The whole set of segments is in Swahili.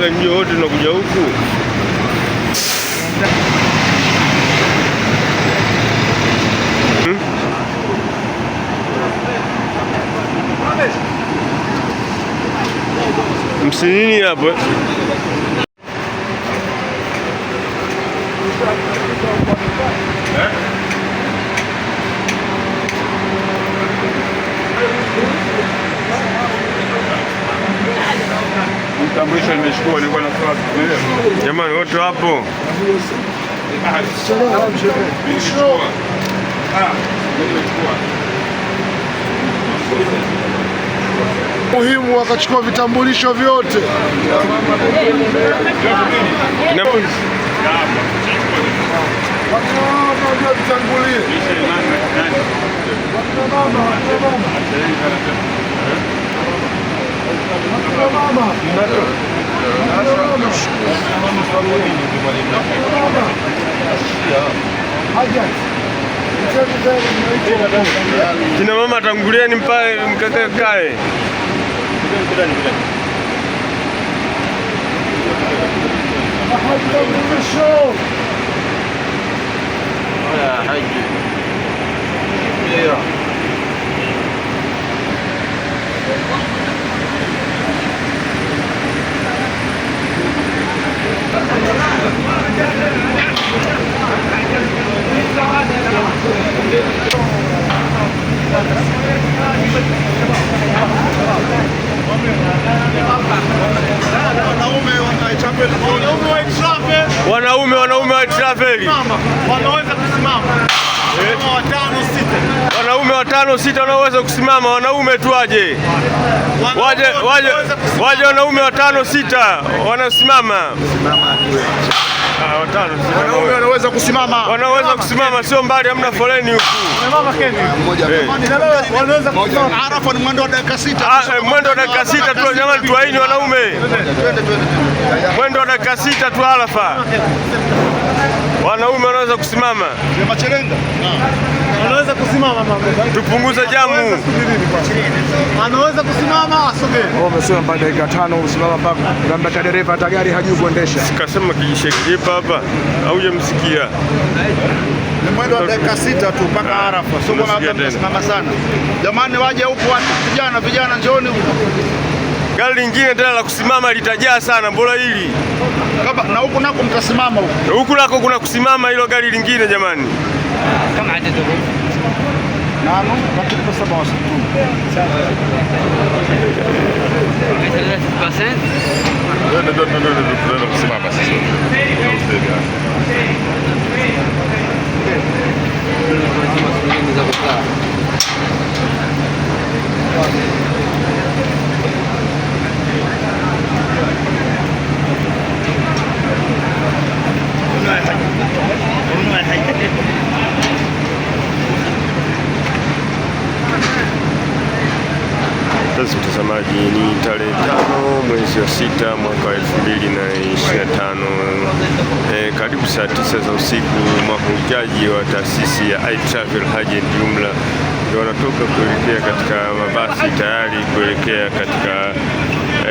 taka nyote na kuja huku hmm? msinini hapo kitambulisho nimeshukua, nilikuwa na swali. Jamani wote hapo muhimu wakachukua vitambulisho vyote. vitambulisho Kina mama tangulieni mpaka mkaka kae. Mwe eh? wanaume watano sita wanaoweza kusimama, wanaume tu waje waje, wanaume watano sita wanasimama, ah, wanaweza kusimama, wanaweza kusimama, sio mbali, hamna foleni huku. Eh. Ah, eh, mwendo wa dakika sita tu jamani, tuwaini wanaume, mwendo wa dakika sita tu Arafa wanaume wanaweza kusimama, wanaweza kusimama, mama, tupunguze jamu. Anaweza kusimama asogee, mpaka dakika tano usimama mpaka mpaka dereva hata gari hajui kuendesha. Sikasema kijishekijepa hapa, msikia ni mwendo wa dakika sita tu mpaka ah, Arafa, sio? kwa watu wanasimama sana jamani? Waje huku watu, vijana vijana, njooni huku gari lingine tena la kusimama litajaa sana, mbona hili kama na huku nako mtasimama huku. Huku nako kuna kusimama hilo gari lingine jamani. Kama sita mwaka wa elfu mbili na ishirini na tano e, karibu saa tisa za usiku, mahujaji wa taasisi ya I Travel Agent Jumla ndio wanatoka kuelekea katika mabasi tayari kuelekea katika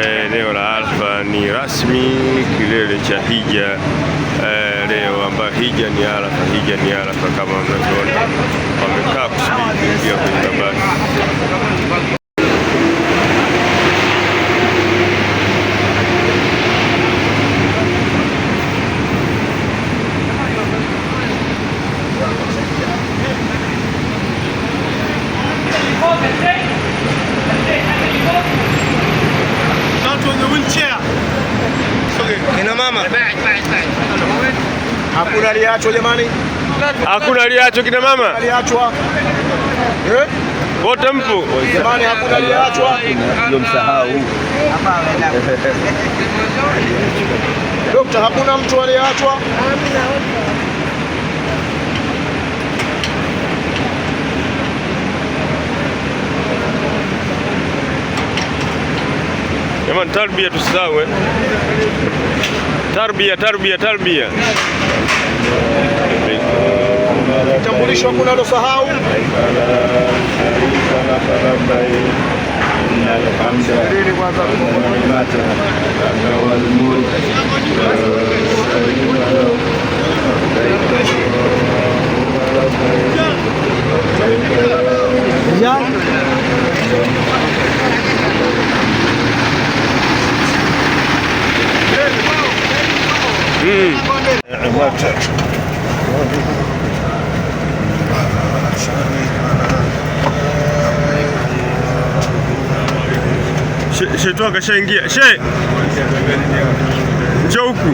e, eneo la Arfa. Ni rasmi kilele cha hija e, leo ambayo hija ni Arafa, hija ni Arafa kama mnavyoona. Hakuna aliachwa jamani, hakuna aliachwa kina mama aliachwa eh? wote mpo jamani, hakuna aliachwa ndio msahau Dokta, hakuna mtu aliachwa. Jamani, tarbia tusahau, eh? Tarbia, tarbia, tarbia. Kitambulisho hakuna alosahau. Kashatua kashaingia. She njoo huku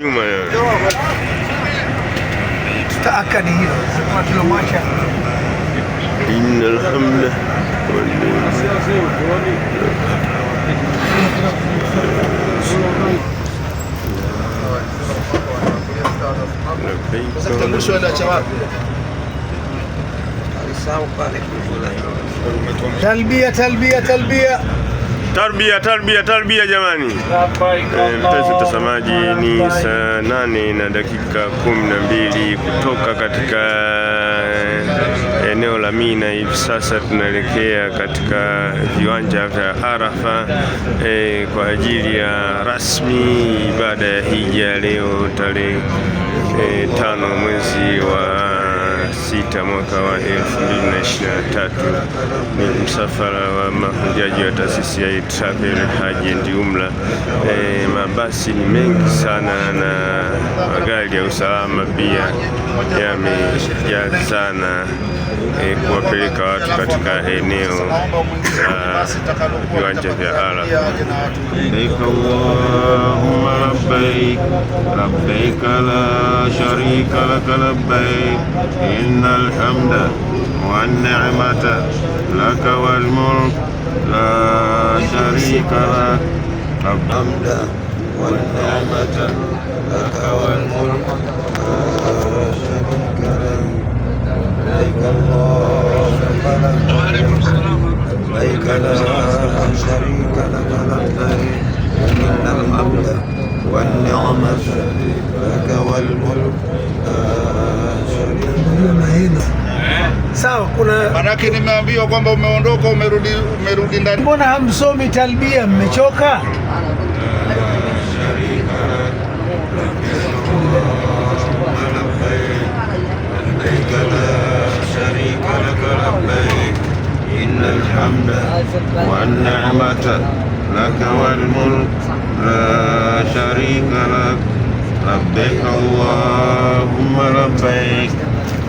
nyuma tutaakadi hilo tulomwacha innal hamda Sasa mwisho anaacha wapi? talbia, talbia, talbia. Tarbia, tarbia, tarbia jamani. Mpenzi eh, mtazamaji, ni saa nane na dakika kumi na mbili kutoka katika eh, eneo la Mina. Hivi sasa tunaelekea katika viwanja vya Arafa eh, kwa ajili ya rasmi ibada ya hija leo tarehe tano mwezi wa sita mwaka wa tatu ni msafara wa mahujaji wa taasisi ya Travel Hajj and E, mabasi ni mengi sana na magari ya usalama pia yamejaa sana e, kuwapeleka watu katika eneo la viwanja vya Arafa. Labbaik labbaik la sharika lak labbaik إن الحمد والنعمة لك والملك لا شريك لك الحمد والنعمة لك والملك لا شريك لك إن الحمد والنعمة لك والملك sawa, kuna manake, nimeambiwa kwamba umeondoka, umerudi, umerudi ndani. Mbona hamsomi talbia? Mmechoka?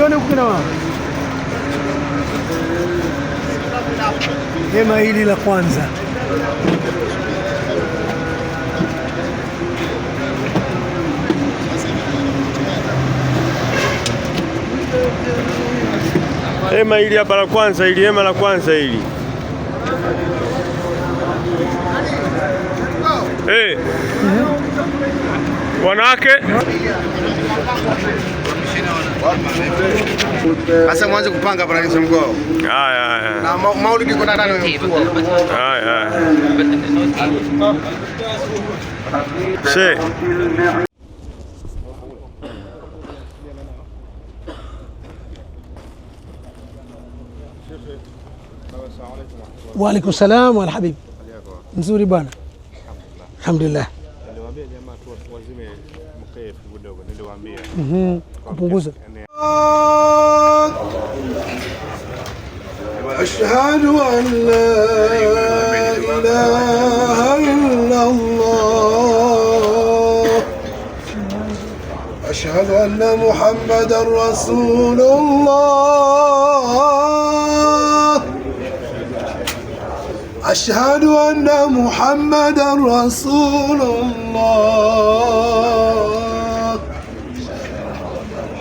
Uliona huku kina mama, hema hili la kwanza hema hili hapa la kwanza hili hema la kwanza hili hey. Eh. mm -hmm. Wanawake mm -hmm. Sasa mwanze kupanga hapa na mgoo. Haya haya. Na Maulidi kuna nani wewe? Haya haya. She. Wa alaikum salaam wa habibi. Mzuri bwana. Alhamdulillah. Alhamdulillah. كيف وأشهد mhm, أن لا إله إلا الله أشهد أن محمدا رسول الله أشهد أن محمدا رسول الله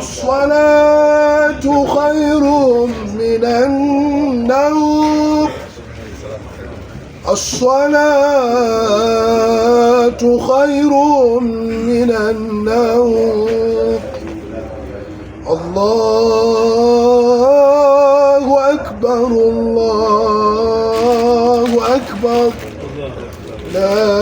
الصلاة خير من النوم الصلاة خير من النوم الله أكبر الله أكبر لا